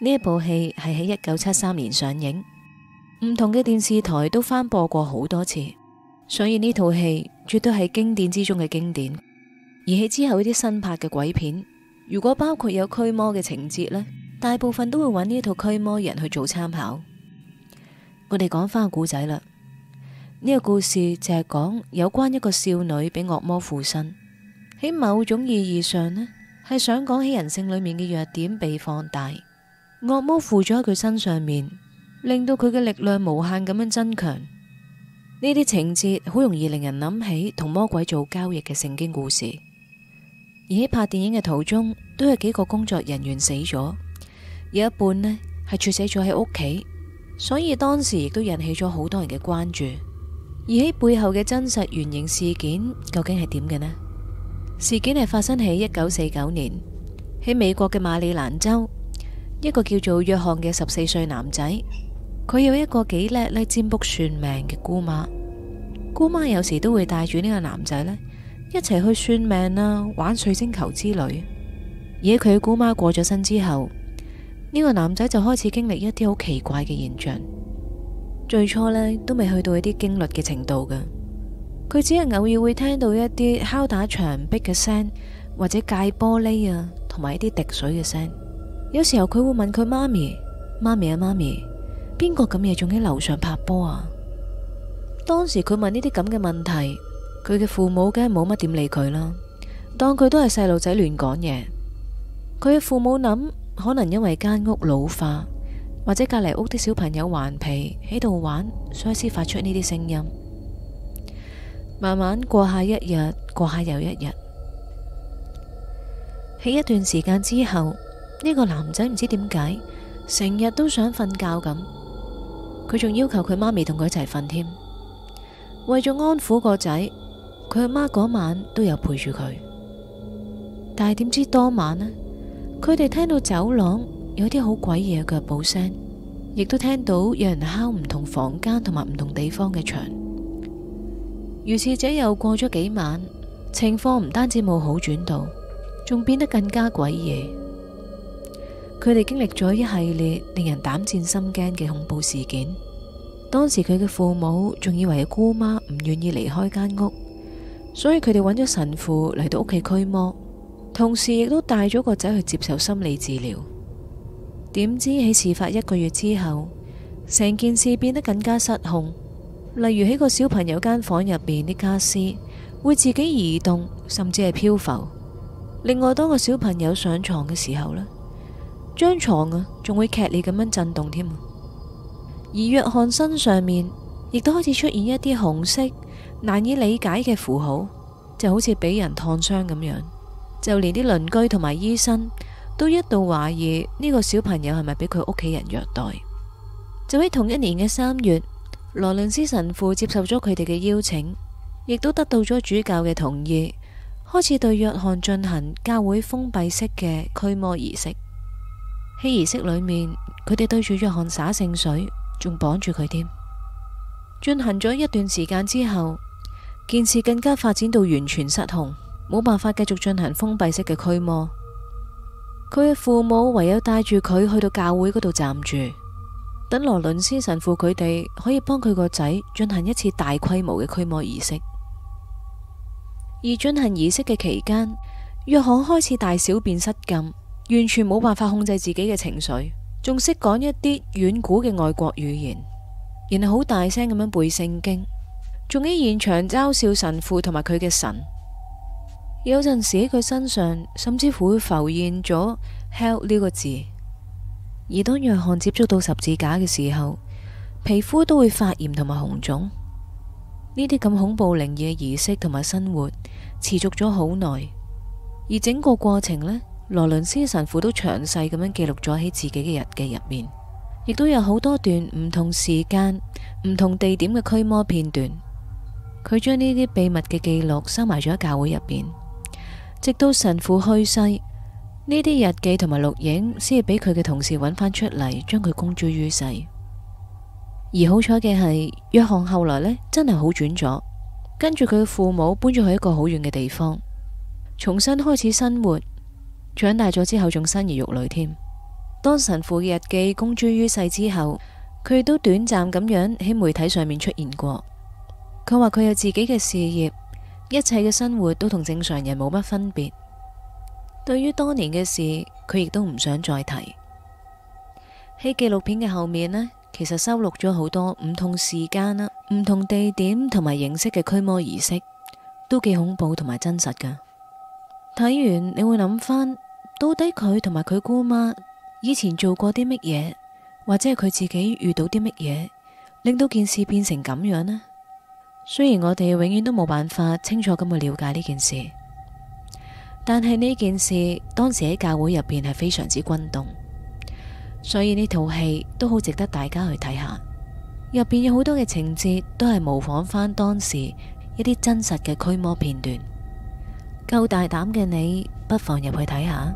呢一部戲係喺一九七三年上映，唔同嘅電視台都翻播過好多次，所以呢套戲絕對係經典之中嘅經典。而喺之後一啲新拍嘅鬼片，如果包括有驅魔嘅情節呢，大部分都會揾呢套驅魔人去做參考。我哋講翻個故仔啦，呢個故事就係講有關一個少女俾惡魔附身，喺某種意義上呢，係想講起人性裏面嘅弱點被放大。惡魔附咗喺佢身上面，令到佢嘅力量無限咁樣增強。呢啲情節好容易令人諗起同魔鬼做交易嘅聖經故事。而喺拍電影嘅途中，都有幾個工作人員死咗，有一半呢係猝死咗喺屋企，所以當時亦都引起咗好多人嘅關注。而喺背後嘅真實原型事件究竟係點嘅呢？事件係發生喺一九四九年喺美國嘅馬里蘭州。一個叫做約翰嘅十四歲男仔，佢有一個幾叻呢占卜算命嘅姑媽，姑媽有時都會帶住呢個男仔呢，一齊去算命啦、玩水晶球之類。而佢姑媽過咗身之後，呢個男仔就開始經歷一啲好奇怪嘅現象。最初呢，都未去到一啲驚慄嘅程度嘅，佢只係偶爾會聽到一啲敲打牆壁嘅聲，或者戒玻璃啊，同埋一啲滴水嘅聲。有時候佢會問佢媽咪，媽咪啊媽咪，邊個咁夜仲喺樓上拍波啊？當時佢問呢啲咁嘅問題，佢嘅父母梗係冇乜點理佢啦，當佢都係細路仔亂講嘢。佢嘅父母諗，可能因為間屋老化，或者隔籬屋啲小朋友頑皮喺度玩，所以先發出呢啲聲音。慢慢過下一日，過下又一日，喺一段時間之後。呢個男仔唔知點解，成日都想瞓覺咁，佢仲要求佢媽咪同佢一齊瞓添。為咗安撫個仔，佢阿媽嗰晚都有陪住佢。但係點知當晚呢，佢哋聽到走廊有啲好詭異嘅腳步聲，亦都聽到有人敲唔同房間同埋唔同地方嘅牆。如是者又過咗幾晚，情況唔單止冇好轉到，仲變得更加詭異。佢哋經歷咗一系列令人膽戰心驚嘅恐怖事件。當時佢嘅父母仲以為姑媽唔願意離開間屋，所以佢哋揾咗神父嚟到屋企驅魔，同時亦都帶咗個仔去接受心理治療。點知喺事發一個月之後，成件事變得更加失控，例如喺個小朋友間房入邊啲家私會自己移動，甚至係漂浮。另外，當個小朋友上床嘅時候呢。張牀啊，仲會劇烈咁樣震動添！而約翰身上面亦都開始出現一啲紅色，難以理解嘅符號，就好似俾人燙傷咁樣。就連啲鄰居同埋醫生都一度懷疑呢個小朋友係咪俾佢屋企人虐待。就喺同一年嘅三月，羅倫斯神父接受咗佢哋嘅邀請，亦都得到咗主教嘅同意，開始對約翰進行教會封閉式嘅驅魔儀式。喺儀式裏面，佢哋對住約翰灑聖水，仲綁住佢添。進行咗一段時間之後，件事更加發展到完全失控，冇辦法繼續進行封閉式嘅驅魔。佢嘅父母唯有帶住佢去到教會嗰度暫住，等羅倫斯神父佢哋可以幫佢個仔進行一次大規模嘅驅魔儀式。而進行儀式嘅期間，約翰開始大小便失禁。完全冇辦法控制自己嘅情緒，仲識講一啲遠古嘅外國語言，然後好大聲咁樣背聖經，仲喺現場嘲笑神父同埋佢嘅神。有陣時喺佢身上，甚至乎會浮現咗 hell 呢個字。而當約翰接觸到十字架嘅時候，皮膚都會發炎同埋紅腫。呢啲咁恐怖、靈異嘅儀式同埋生活持續咗好耐，而整個過程呢。羅倫斯神父都詳細咁樣記錄咗喺自己嘅日記入面，亦都有好多段唔同時間、唔同地點嘅驅魔片段。佢將呢啲秘密嘅記錄收埋咗喺教會入邊，直到神父去世，呢啲日記同埋錄影先至俾佢嘅同事揾翻出嚟，將佢公諸於世。而好彩嘅係，約翰後來呢真係好轉咗，跟住佢嘅父母搬咗去一個好遠嘅地方，重新開始生活。長大咗之後仲生而育女添生兒育女。當神父嘅日記公諸於世之後，佢都短暫咁樣喺媒體上面出現過。佢話佢有自己嘅事業，一切嘅生活都同正常人冇乜分別。對於多年嘅事當年，佢亦都唔想再提。喺紀錄片嘅後面呢，其實收錄咗好多唔同時間啦、唔同地點同埋形式嘅驅魔儀式，都幾恐怖同埋真實噶。睇完你會諗翻。到底佢同埋佢姑媽以前做過啲乜嘢，或者係佢自己遇到啲乜嘢，令到件事變成咁樣呢？雖然我哋永遠都冇辦法清楚咁去了解呢件事，但係呢件事當時喺教會入邊係非常之轟動，所以呢套戲都好值得大家去睇下。入邊有好多嘅情節都係模仿翻當時一啲真實嘅驅魔片段，夠大膽嘅你，不妨入去睇下。